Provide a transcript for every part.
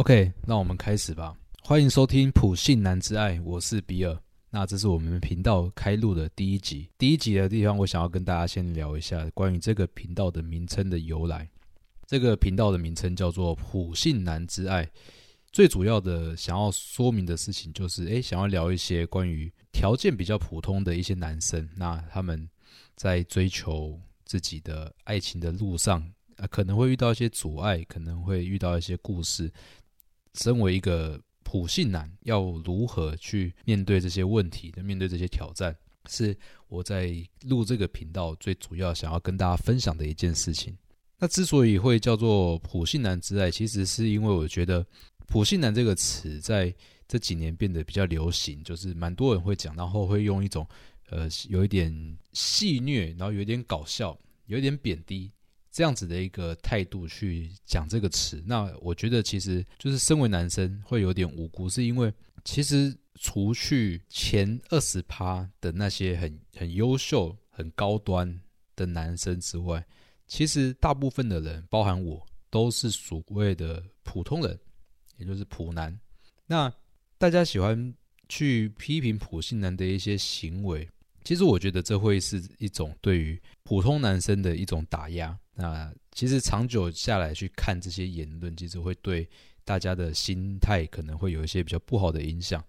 OK，那我們開始吧。歡迎收聽《普信男之愛》，我是比爾。那這是我們頻道開錄的第一集。第一集的地方，我想要跟大家先聊一下關於這個頻道的名稱的由來。這個頻道的名稱叫做《普信男之愛》，最主要的想要說明的事情就是誒，想要聊一些關於條件比較普通的一些男生，那他們在追求自己的愛情的路上啊，可能會遇到一些阻礙，可能會遇到一些故事。身為一個普信男，要如何去面對這些問題，面對這些挑戰，是我在錄這個頻道最主要想要跟大家分享的一件事情。那之所以會叫做普信男之愛，其實是因為我覺得普信男這個詞在這幾年變得比較流行，就是蠻多人會講，然後會用一種呃有一點戲謔，然後有一點搞笑，有一點貶低。這樣子的一個態度去講這個詞，那我覺得其實就是身為男生會有點無辜，是因為其實除去前二十趴的那些很很優秀、很高端的男生之外，其實大部分的人，包含我，都是所謂的普通人，也就是普男。那大家喜歡去批評普信男的一些行為，其實我覺得這會是一種對於普通男生的一種打壓。那其實長久下來去看這些言論，其實會對大家的心態可能會有一些比較不好的影響。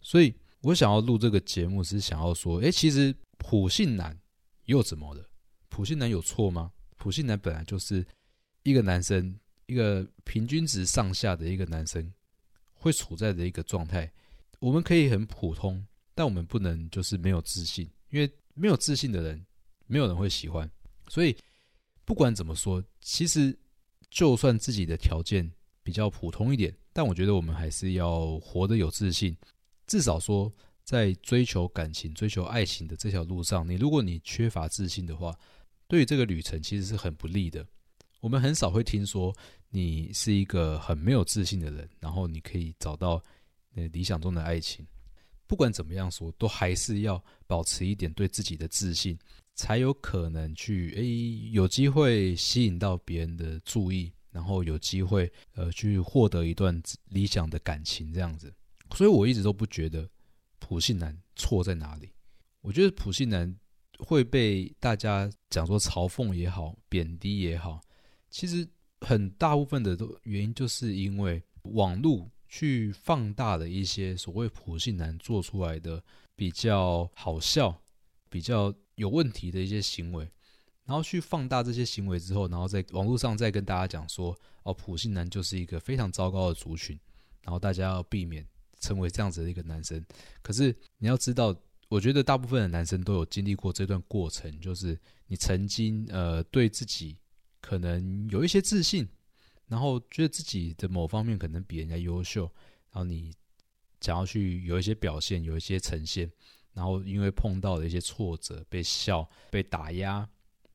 所以，我想要錄這個節目，是想要說，哎，其實普信男又怎麼了？普信男有錯嗎？普信男本來就是一個男生，一個平均值上下的一個男生會處在的一個狀態。我們可以很普通，但我們不能就是沒有自信，因為沒有自信的人，沒有人會喜歡。所以。不管怎麼說，其實就算自己的條件比較普通一點，但我覺得我們還是要活得有自信。至少說，在追求感情、追求愛情的這條路上，你如果你缺乏自信的話，對於這個旅程其實是很不利的。我們很少會聽說你是一個很沒有自信的人，然後你可以找到理想中的愛情。不管怎麼樣說，都還是要保持一點對自己的自信。才有可能去誒，有機會吸引到別人的注意，然後有機會呃，去獲得一段理想的感情這樣子。所以我一直都不覺得普信男錯在哪裡。我覺得普信男會被大家講做嘲諷也好，貶低也好，其實很大部分的原因就是因為網絡去放大了一些所謂普信男做出來的比較好笑，比較。有問題的一些行為，然後去放大這些行為之後，然後在網絡上再跟大家講說：“哦，普信男就是一個非常糟糕的族群，然後大家要避免成為這樣子的一個男生。”可是你要知道，我覺得大部分的男生都有經歷過這段過程，就是你曾經呃，對自己可能有一些自信，然後覺得自己的某方面可能比人家優秀，然後你想要去有一些表現，有一些呈現。然後因為碰到的一些挫折，被笑、被打壓、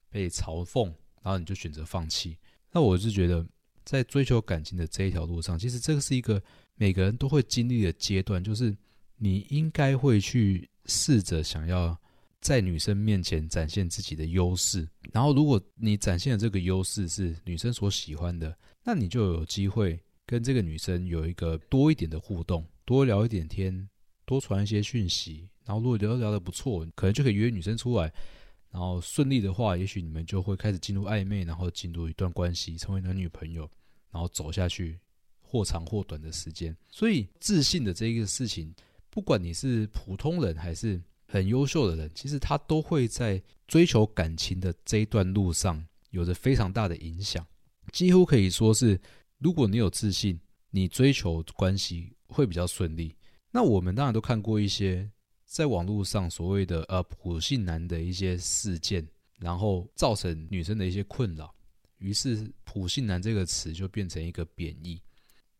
被嘲諷，然後你就選擇放棄。那我是覺得，在追求感情的這一條路上，其實這個是一個每個人都會經歷的階段，就是你應該會去試着想要在女生面前展現自己的優勢。然後，如果你展現的這個優勢是女生所喜歡的，那你就有機會跟這個女生有一個多一點的互動，多聊一點天，多傳一些訊息。然後，如果聊聊得不錯，可能就可以約女生出來。然後順利的話，也許你們就會開始進入曖昧，然後進入一段關係，成為男女朋友，然後走下去，或長或短的時間。所以，自信的這一個事情，不管你是普通人還是很優秀的人，其實他都會在追求感情的這一段路上有着非常大的影響。幾乎可以說是，如果你有自信，你追求關係會比較順利。那我們當然都看過一些。在網絡上所謂的呃、普信男的一些事件，然後造成女生的一些困擾，於是普信男這個詞就變成一個貶義。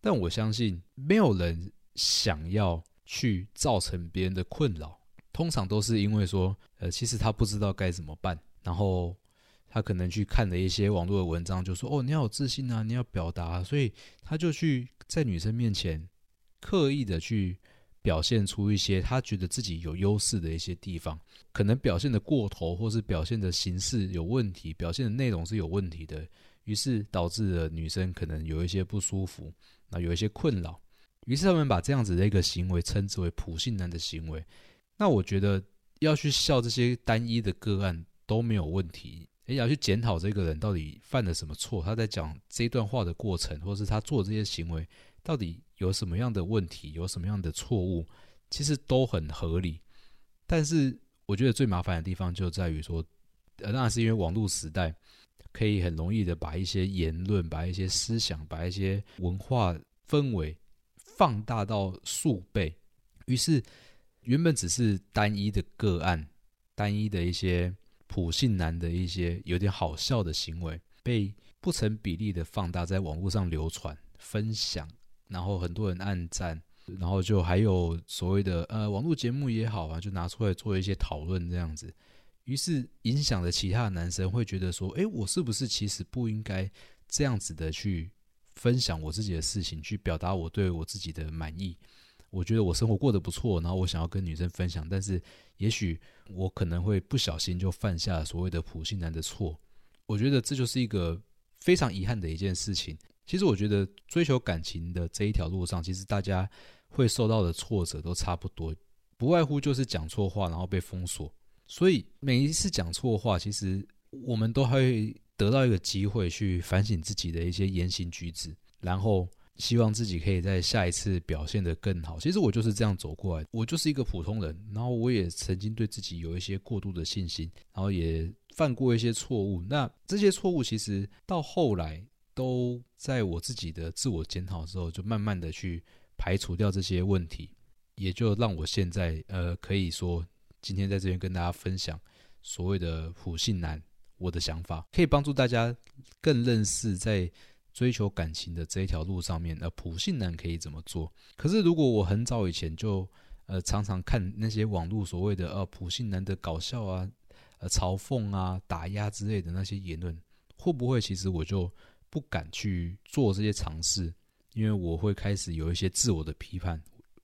但我相信沒有人想要去造成別人的困擾，通常都是因為說呃、其實他不知道該怎麼辦，然後他可能去看了一些網絡的文章，就說哦，你要有自信啊，你要表達啊，所以他就去在女生面前刻意的去。表現出一些他覺得自己有優勢的一些地方，可能表現的過頭，或是表現的形式有問題，表現的內容是有問題的，於是導致了女生可能有一些不舒服，那有一些困擾，於是他們把這樣子的一個行為稱之為“普信男”的行為。那我覺得要去笑這些單一的個案都沒有問題，哎，要去檢討這個人到底犯了什麼錯，他在講這段話的過程，或是他做這些行為到底。有什麼樣的問題，有什麼樣的錯誤，其實都很合理。但是，我覺得最麻煩的地方就在於說，那是因為網絡時代可以很容易的把一些言論、把一些思想、把一些文化氛圍放大到數倍。於是，原本只是單一的個案、單一的一些普信男的一些有點好笑的行為，被不成比例的放大，在網絡上流傳、分享。然後很多人按讚，然後就還有所謂的呃網絡節目也好啊，就拿出來做一些討論這樣子，於是影響了其他的男生會覺得說，哎，我是不是其實不應該這樣子的去分享我自己的事情，去表達我對我自己的滿意？我覺得我生活過得不錯，然後我想要跟女生分享，但是也許我可能會不小心就犯下了所謂的普信男的錯，我覺得這就是一個非常遺憾的一件事情。其實我覺得追求感情的這一條路上，其實大家會受到的挫折都差不多，不外乎就是講錯話，然後被封鎖。所以每一次講錯話，其實我們都還會得到一個機會去反省自己的一些言行舉止，然後希望自己可以在下一次表現得更好。其實我就是這樣走過來，我就是一個普通人，然後我也曾經對自己有一些過度的信心，然後也犯過一些錯誤。那這些錯誤其實到後來。都在我自己的自我檢討之後，就慢慢的去排除掉這些問題，也就讓我現在呃，可以說今天在這邊跟大家分享所謂的普信男我的想法，可以幫助大家更認識在追求感情的這一條路上面，呃，普信男可以怎麼做。可是如果我很早以前就呃常常看那些網絡所謂的呃普信男的搞笑啊、呃嘲諷啊、打壓之類的那些言論，會不會其實我就。不敢去做這些嘗試，因為我會開始有一些自我的批判。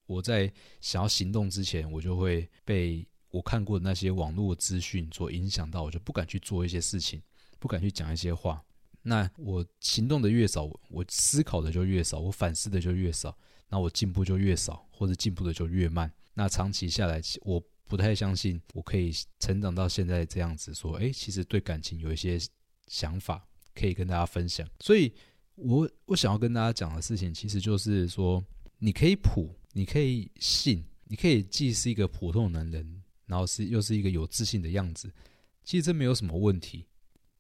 我在想要行動之前，我就會被我看過的那些網絡資訊所影響到，我就不敢去做一些事情，不敢去講一些話。那我行動的越少，我思考的就越少，我反思的就越少，那我進步就越少，或者進步的就越慢。那長期下來，我不太相信我可以成長到現在這樣子，說，誒，其實對感情有一些想法。可以跟大家分享，所以我我想要跟大家講的事情，其實就是說，你可以普，你可以信，你可以既是一個普通的男人，然後是又是一個有自信的樣子，其實這沒有什麼問題，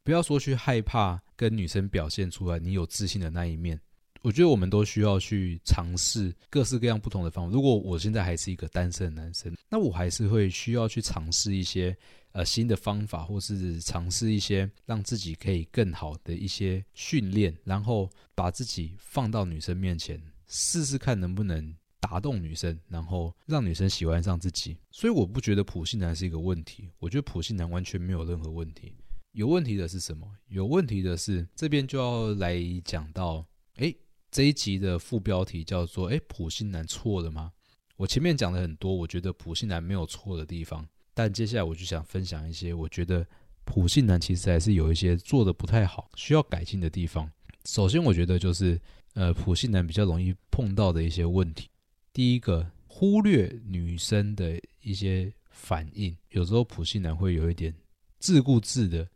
不要說去害怕跟女生表現出來你有自信的那一面。我覺得我們都需要去嘗試各式各樣不同的方法。如果我現在還是一個單身的男生，那我還是會需要去嘗試一些呃新的方法，或是嘗試一些讓自己可以更好的一些訓練，然後把自己放到女生面前試試看能不能打動女生，然後讓女生喜歡上自己。所以我不覺得普信男是一個問題，我覺得普信男完全沒有任何問題。有問題的是什麼？有問題的是這邊就要來講到，誒。這一集的副標題叫做“欸，普信男錯了嗎？”我前面講了很多，我覺得普信男沒有錯的地方，但接下來我就想分享一些，我覺得普信男其實還是有一些做得不太好，需要改進的地方。首先，我覺得就是，呃，普信男比較容易碰到的一些問題。第一個，忽略女生的一些反應，有時候普信男會有一點自顧自的，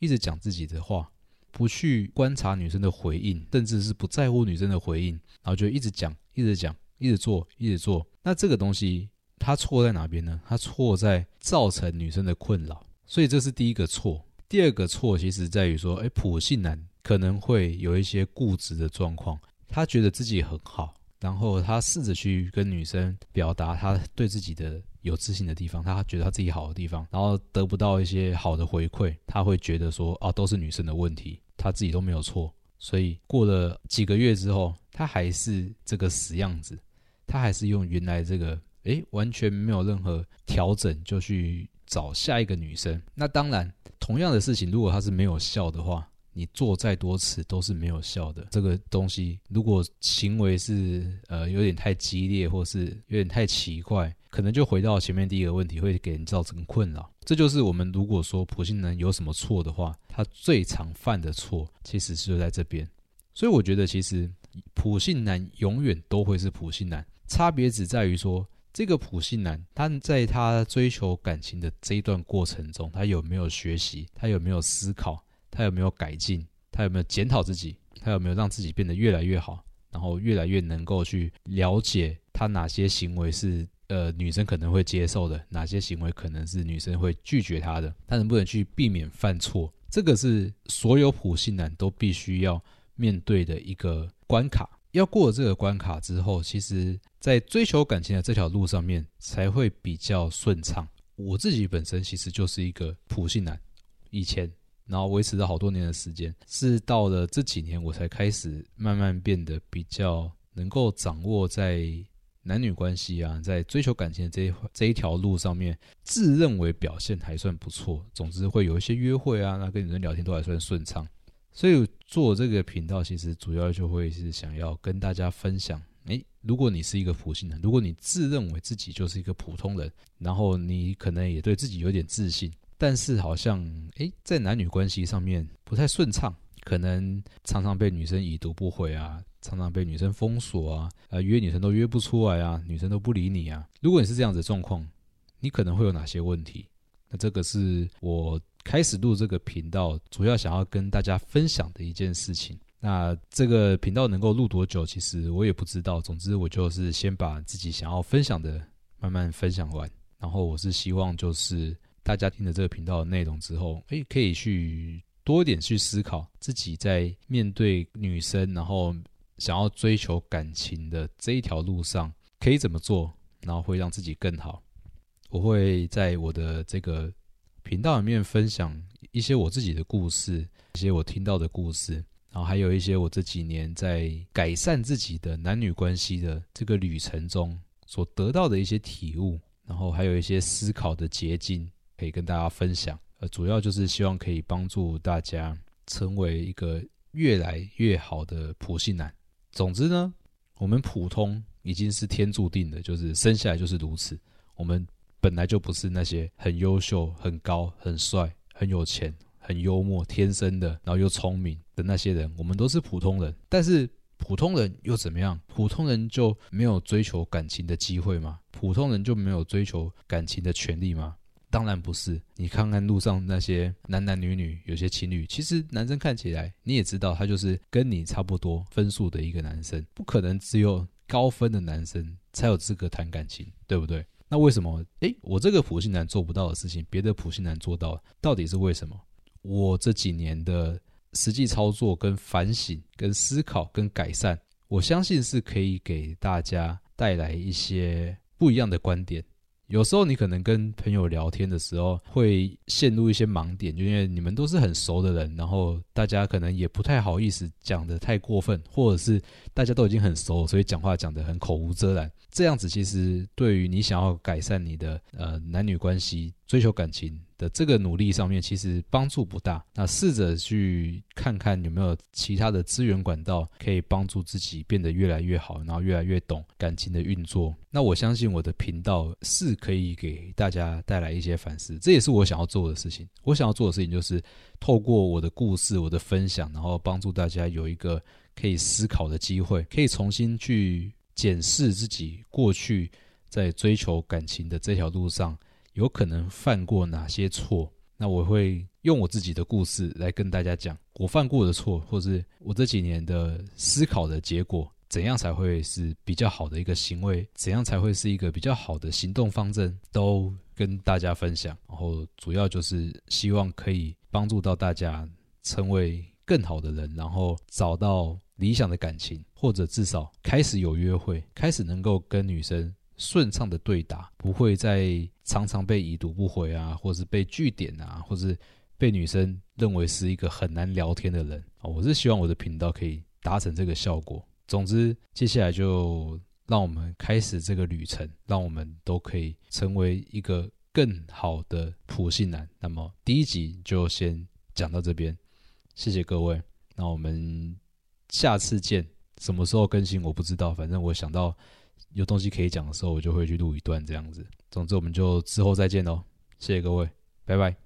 一直講自己的話。不去觀察女生的回應，甚至是不在乎女生的回應，然後就一直講，一直講，一直做，一直做。那這個東西他錯在哪邊呢？他錯在造成女生的困擾，所以這是第一個錯。第二個錯其實在於說，哎，普信男可能會有一些固執的狀況，他覺得自己很好，然後他試着去跟女生表達他對自己的有自信的地方，他覺得他自己好的地方，然後得不到一些好的回饋，他會覺得說，啊，都是女生的問題。他自己都沒有錯，所以過了幾個月之後，他還是這個死樣子，他還是用原來這個，誒，完全沒有任何調整就去找下一個女生。那當然，同樣的事情，如果他是沒有效的話，你做再多次都是沒有效的。這個東西，如果行為是呃有點太激烈，或是有點太奇怪，可能就回到前面第一個問題，會給人造成困擾。這就是我們如果說普信男有什麼錯的話，他最常犯的錯，其實是在這邊。所以我覺得，其實普信男永遠都會是普信男，差別只在於說，這個普信男他在他追求感情的這一段過程中，他有沒有學習，他有沒有思考，他有沒有改進，他有沒有檢討自己，他有沒有讓自己變得越來越好，然後越來越能夠去了解他哪些行為是。呃，女生可能會接受的哪些行為，可能是女生會拒絕他的？他能不能去避免犯錯？這個是所有普信男都必須要面對的一個關卡。要過這個關卡之後，其實，在追求感情的這條路上面才會比較順暢。我自己本身其實就是一個普信男，以前，然後維持了好多年的時間，是到了這幾年我才開始慢慢變得比較能夠掌握在。男女關係啊，在追求感情的這一這一條路上面，自認為表現還算不錯。總之會有一些約會啊，那跟女生聊天都還算順暢。所以做這個頻道，其實主要就會是想要跟大家分享，誒、欸，如果你是一個普信男，如果你自認為自己就是一個普通人，然後你可能也對自己有點自信，但是好像誒、欸，在男女關係上面不太順暢。可能常常被女生已讀不回啊，常常被女生封鎖啊，呃，約女生都約不出來啊，女生都不理你啊。如果你是這樣子的狀況，你可能會有哪些問題？那這個是我開始錄這個頻道主要想要跟大家分享的一件事情。那這個頻道能夠錄多久，其實我也不知道。總之，我就是先把自己想要分享的慢慢分享完。然後，我是希望就是大家聽了這個頻道的內容之後，哎，可以去。多一點去思考自己在面對女生，然後想要追求感情的這一條路上可以怎麼做，然後會讓自己更好。我會在我的這個頻道裡面分享一些我自己的故事，一些我聽到的故事，然後還有一些我這幾年在改善自己的男女關係的這個旅程中所得到的一些體悟，然後還有一些思考的結晶，可以跟大家分享。呃，主要就是希望可以幫助大家成為一個越來越好的普信男。總之呢，我們普通已經是天注定的，就是生下來就是如此。我們本來就不是那些很優秀、很高、很帥、很有錢、很幽默、天生的，然後又聰明的那些人。我們都是普通人，但是普通人又怎麼樣？普通人就沒有追求感情的機會嗎？普通人就沒有追求感情的權利嗎？當然不是，你看看路上那些男男女女，有些情侶，其實男生看起來你也知道，他就是跟你差不多分數的一個男生。不可能只有高分的男生才有資格談感情，對不對？那為什麼？誒，我這個普信男做不到的事情，別的普信男做到了，到底是為什麼？我這幾年的實際操作跟反省跟思考跟改善，我相信是可以給大家帶來一些不一樣的觀點。有時候你可能跟朋友聊天的時候會陷入一些盲點，就因為你們都是很熟的人，然後大家可能也不太好意思講得太過分，或者是大家都已經很熟，所以講話講得很口無遮攔。這樣子其實對於你想要改善你的，呃，男女關係。追求感情的這個努力上面，其實幫助不大。那試着去看看有沒有其他的資源管道可以幫助自己變得越來越好，然後越來越懂感情的運作。那我相信我的頻道是可以給大家帶來一些反思，這也是我想要做的事情。我想要做的事情就是透過我的故事、我的分享，然後幫助大家有一個可以思考的機會，可以重新去檢視自己過去在追求感情的這條路上。有可能犯過哪些錯？那我會用我自己的故事來跟大家講我犯過的錯，或是我這幾年的思考的結果，怎樣才會是比較好的一個行為？怎樣才會是一個比較好的行動方針？都跟大家分享。然後主要就是希望可以幫助到大家成為更好的人，然後找到理想的感情，或者至少開始有約會，開始能夠跟女生順暢的對答，不會再。常常被已讀不回啊，或是被句點啊，或是被女生認為是一個很難聊天的人啊。我是希望我的頻道可以達成這個效果。總之，接下來就讓我們開始這個旅程，讓我們都可以成為一個更好的普信男。那麼，第一集就先講到這邊，謝謝各位。那我們下次見。什麼時候更新我不知道，反正我想到，有東西可以講的時候，我就會去錄一段這樣子。總之，我們就之後再見嘍，謝謝各位，拜拜。